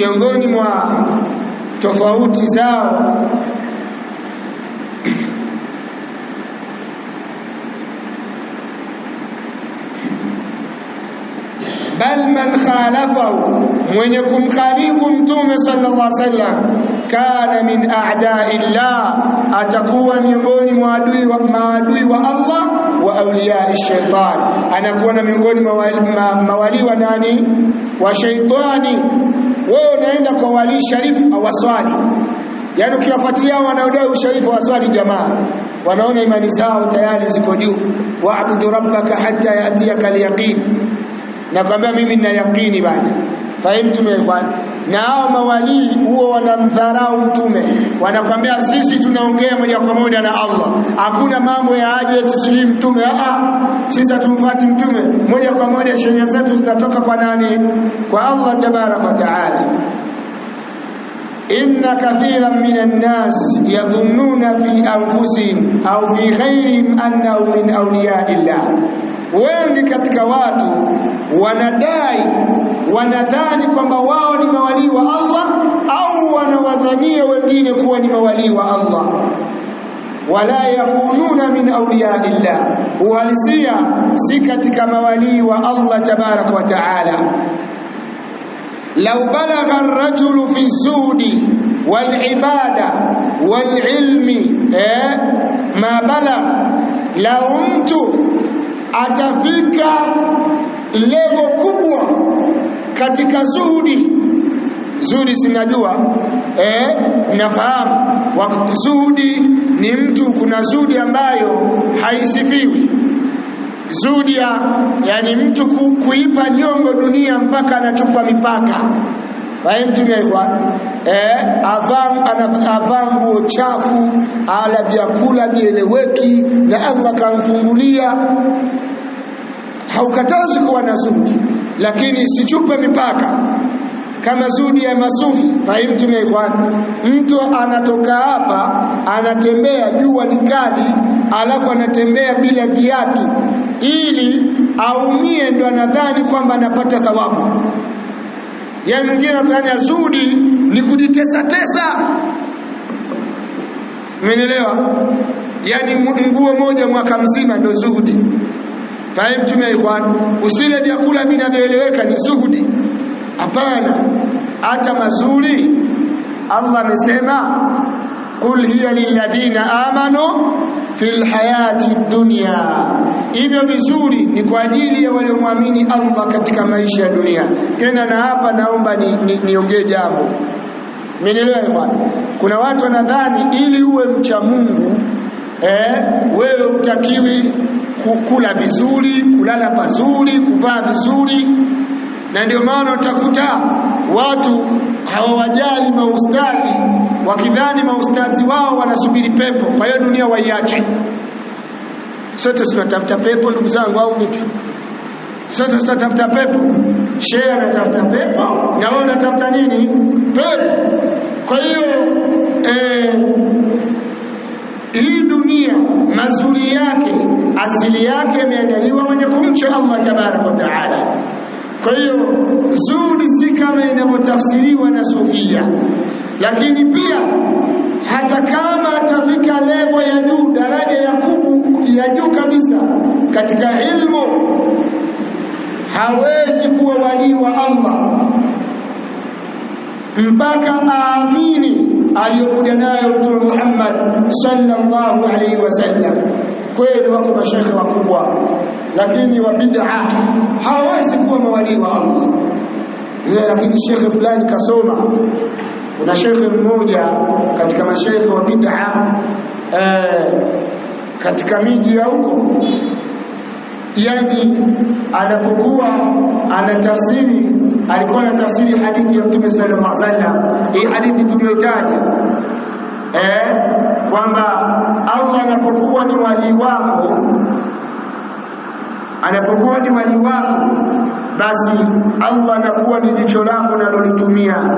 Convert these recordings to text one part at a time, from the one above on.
miongoni mwa tofauti zao bal man khalafahu, mwenye kumkhalifu Mtume sallallahu alaihi wasallam, kana min a'dai llah, atakuwa miongoni mwa adui wa maadui wa Allah wa auliyai shaitan, anakuwa na miongoni mwa mawali wa nani wa shaitani wewe unaenda kwa wali sharifu awaswali yaani ukiwafuatilia wanaodai usharifu waswali, jamaa, wanaona imani zao tayari ziko juu. Waabudu rabbaka hatta yatiyaka alyaqin, nakwambia mimi nina yaqini bana. Fahimu tumeelewana? na hao mawalii huo wanamdharau mtume, wanakwambia sisi tunaongea moja kwa moja na Allah, hakuna mambo ya aje eti mtume. Aa, sisi hatumfuati mtume moja kwa moja, sheria zetu zinatoka kwa nani? Kwa Allah tabaraka wa taala. Inna kathiran minan nas yadhunnuna fi anfusihim au fi ghairihim annahum min awliyaillah llah wengi katika watu wanadai wanadhani kwamba wao ni mawalii wa Allah au wanawadhania wengine kuwa ni mawalii wa Allah wala yakununa min awliya llah, uhalisia si katika mawalii wa Allah tabaraka wa taala. Lau balagha arrajulu fi zuhdi walibada walilmi eh, ma balagha, lau mtu atafika lengo kubwa katika zuhudi. Zuhudi sinajua eh, nafahamu zuhudi ni mtu, kuna zuhudi ambayo haisifiwi zuhudi ya yani mtu ku, kuipa nyongo dunia mpaka anachupa mipaka. Wae Mtume alikuwa eh, avaa nguo chafu, ala vyakula vieleweki, na Allah kamfungulia haukatazi kuwa na zuhdi, lakini isichupe mipaka kama zuhdi ya masufi. Fahimu tume ikhwan, mtu anatoka hapa anatembea, jua likali alafu anatembea bila viatu ili aumie, ndo anadhani kwamba anapata thawabu. yani mwingine anafanya zuhdi ni kujitesa tesa, umenielewa? Yaani mguo moja mwaka mzima ndo zuhudi fahamu mtume ya ikhwan, usile vyakula vinavyoeleweka ni zuhudi. Hapana, hata mazuri Allah amesema qul hiya lilladhina amanu fil hayati dunya, hivyo vizuri ni kwa ajili ya waliomwamini Allah katika maisha ya dunia. Tena na hapa naomba niongee ni, ni jambo, mmenielewa ikhwan? Kuna watu wanadhani ili uwe mcha Mungu eh, wewe utakiwi kukula vizuri, kulala pazuri, kuvaa vizuri, na ndio maana utakuta watu hawawajali maustadhi, wakidhani maustadhi wao wanasubiri pepo, kwa hiyo dunia waiache. Sote tunatafuta pepo ndugu zangu, au vipi? Sote tunatafuta pepo, shehe anatafuta pepo na wewe unatafuta nini? Pepo. Kwa hiyo eh, mazuri yake asili yake yameandaliwa mwenye kumcha Allah tabaraka wa taala. Kwa hiyo zuri si kama inavyotafsiriwa na Sufia, lakini pia hata kama atafika levo ya juu, daraja ya kubu ya juu kabisa katika ilmu, hawezi kuwa wali wa Allah mpaka aamini aliyokuja nayo Mtume Muhammad sallallahu alaihi wasallam. Kweli wako mashekhe wakubwa, lakini wa bid'a hawawezi kuwa mawalii wa Allah. Eh, lakini shekhe fulani kasoma. Kuna shekhe mmoja katika mashekhe wa bid'a eh, katika miji ya huko yani anapokuwa anatafsiri alikuwa anatafsiri hadithi ya Mtume sallallahu alaihi wasallam, hii hadithi tuliyotaja eh, kwamba Allah anapokuwa ni wali wako, anapokuwa ni walii wako, basi Allah anakuwa ni jicho lako nalolitumia.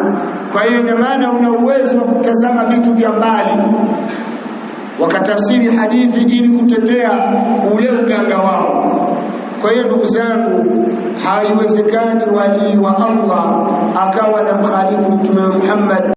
Kwa hiyo ndio maana una uwezo wa kutazama vitu vya mbali, wakatafsiri hadithi ili kutetea ule uga Kwa hiyo ndugu zangu, haiwezekani walii wa Allah akawa na mkhalifu Mtume Muhammad